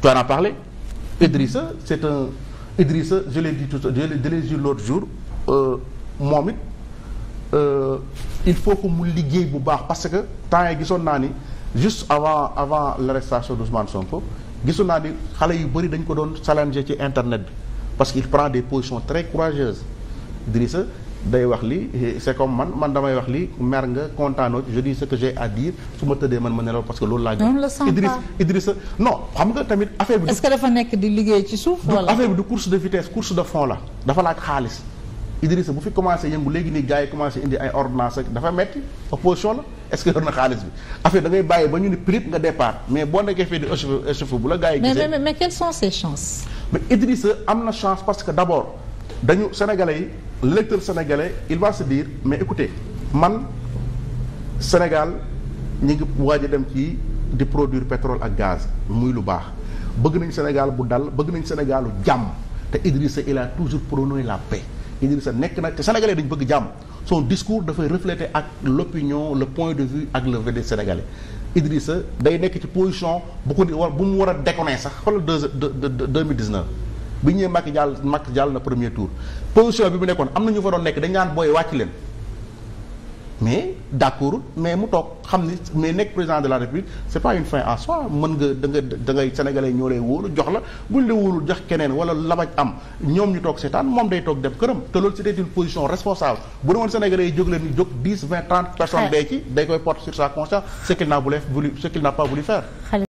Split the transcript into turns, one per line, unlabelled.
Tu en as parlé. Idrissa, c'est un. Idrissa, je l'ai dit tout je l'ai dit l'autre jour, euh, moom it euh, il faut que mu liggéey bu baax parce que temps yi gisoon naa ni juste avant avant l'arrestation d'Ousmane Sonko gisoon naa ni xale yu bëri dañ ko doon challenger ci internet bi parce qu'il prend des positions très courageuses sa day wax li c'est comme man man damay wax li mer nga kontaanoo je dis ce que j'ai à su ma tëddee man ma nelaw parce que loolu laa gis Idriss Idriss non xam nga tamit affaire bi nekk di liggéey ci suuf wala affaire bi du course de vitesse course de fond la dafa laaj xaalis Idrissa bu fi commencé yëngu léegi ni gars yi commencé indi ay ordonnance ak dafa metti opposition la est-ce na xaalis bi affaire da ngay bàyyi ba ñu ni prip nga départ mais boo nekkee fii di échauffé échauffé bu la na chance parce que d'abord dañu sénégalais yi l'électeur sénégalais il va se dire mais écoutez man Sénégal ñu ngi waaj a dem ci di produire pétrole ak gaz muy lu baax bëgg nañ Sénégal bu dal bëgg nañ Sénégalu jàmm te Idrissa il a toujours prôné la paix Idrissa nekk na te sénégalais dañu bëgg jàmm son discours dafay refléter ak l'opinion le point de vue ak le vécu des sénégalais Idrissa day nekk ci position bu ko ni war bu mu war a déconner sax xoolal deux deux deux mille dix bi ñu Macky jàll Macky jàll na premier tour position bi mu nekkoon am na ñu fa doon nekk dañ naan booy wàcc leen mais d' mais mu toog xam ni mais nekk président de la république c' pas une fin en mën nga da nga da ngay sénégalais ñoo lay wóolu jox la buñ la wóolu jox keneen wala labaj am ñoom ñu toog seetaan moom day toog dem këram te loolu c' était une position responsable bu demoon sénégalais yi jóg leen ñu jóg 10 20 30 personnes dee ci day